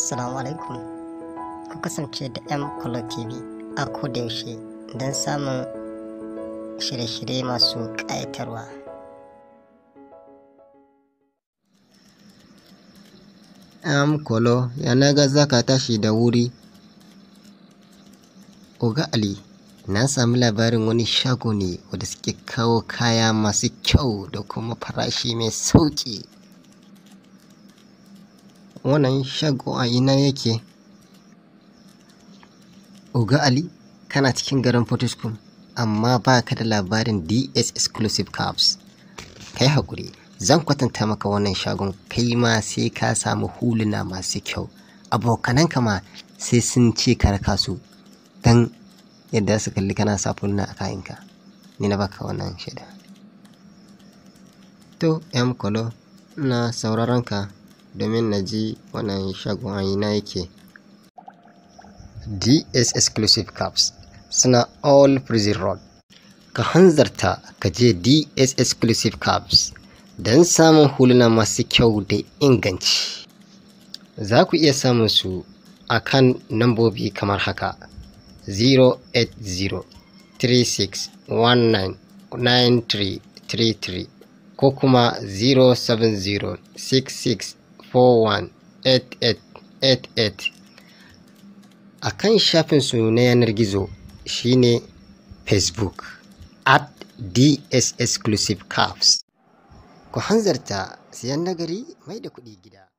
Assalamu alaikum. Ku kasance da M Color TV a kodayaushe don samun shirye-shirye masu ƙayatarwa. M Color ya naga za ka tashi da wuri. Oga Ali, na sami labarin wani shago ne wadda suke kawo kaya masu kyau da kuma farashi mai sauƙi. wannan shago a ina yake oga ali kana cikin garin fortiskum amma ba ka da labarin ds exclusive caps kai haƙuri zan kwatanta maka wannan shagon kai ma sai ka samu huluna masu kyau abokananka ma sai sun ce ka raka su don yadda su kalli kana sa huluna a kayanka ni na baka wannan shaida to m kolo na sauraron ka domin na ji wannan shagon na yake ds exclusive caps suna all prison road ka hanzarta ka je ds exclusive caps don samun huluna masu kyau da inganci za ku iya samun su a kan nambobi kamar haka 080 ko kuma 07066 418888 a kan shafinsu na yanar gizo shine facebook at ds exclusive caps ku hanzarta siyan nagari mai da kuɗi gida